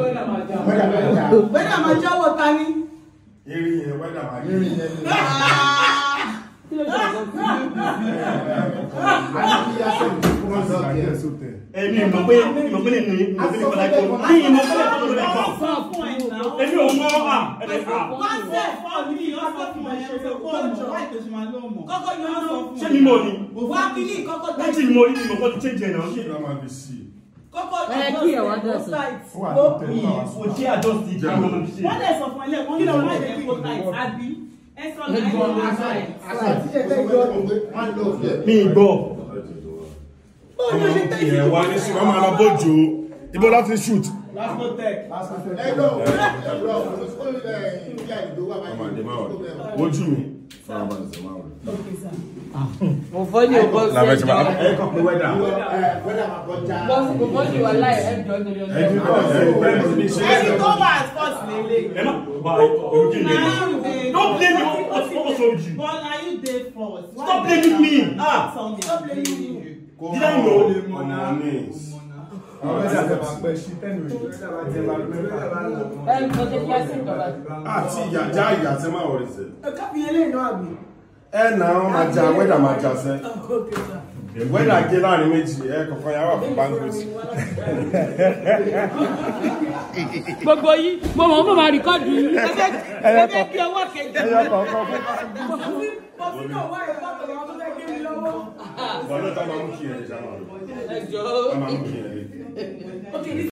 wẹ́dà máa já wẹ́dà máa já wọ ta ni. irin yẹn wẹ́dà máa yẹ. irin yẹn ni. Èmi mọ̀ pé mọ̀ pé nínú yìí mọ̀ pé nínú kọ́lá jọ ní ìmọ̀ pé nínú kọ́lá jọ. Èmi ò mọ̀ à ẹ̀rẹ̀ fà. Wọ́n ṣe fọ́ mi ní ọ̀sẹ̀ fún ẹ̀ ṣe fọ́ ọ̀jọ̀ láì tẹ̀sí máa lọ́ mọ̀. Kọ́kọ́ yọ ọ́ sọ fún mi. Ṣé mi mọ̀ ni? Wá kí ní kọ́kọ́ tẹ̀sí. Láti mọ̀ ní ìmọ̀ kọ́ ti ṣe jẹ̀ náà. Ṣé ìlànà àbí sí i? kọ́kọ́ àjọsìn kó tight kó yìí kò ṣe àjọsìn kí ló ń ṣe. wọ́n dẹ̀ sọ fún ẹ lẹ́ẹ̀kan kí ló ń ṣe kó tight àbí ẹ sọ náà ẹ lọ àṣàì. mi gbọ́. bọ́ọ̀lù ṣe tẹ́ ìṣẹ́ wa ní sùn wọ́n máa lọ bójú ibo láti shoot. lásìkò tẹ̀. ẹgbẹ́ òun ẹgbẹ́ òun ló sọ ẹ ìyá ìdó wà báyìí. ojú mi. farabalẹ̀ sọ máa wọlé kò o bọ́ọ̀sì ẹ̀jọ̀ bọ́ọ̀sì wà láì ẹ̀jọ̀ nílé ọjọ́ ẹni tó wà sports nílé don't blame me what was wrong you. Bọ́lá you dey first. stop blaming me. stop blaming me. did I know. Àti ìyàjá ìyàtẹ́ máa wọ̀rẹ̀ sẹ̀. Ẹ̀ka fi eléyìí náà gbìn ẹ na ọ ma ja wẹ́dà ma ja sẹ́ oh, wẹ́dà gé láàrin méjì ẹ kọ̀ọ̀kan yà wà fún banquet. gbogbo yìí mo mọ̀ mo máa rìkọ́dù yìí ẹ bẹ́ẹ̀ kí ẹ wá ẹ̀fọ́ ẹ jà máa lò.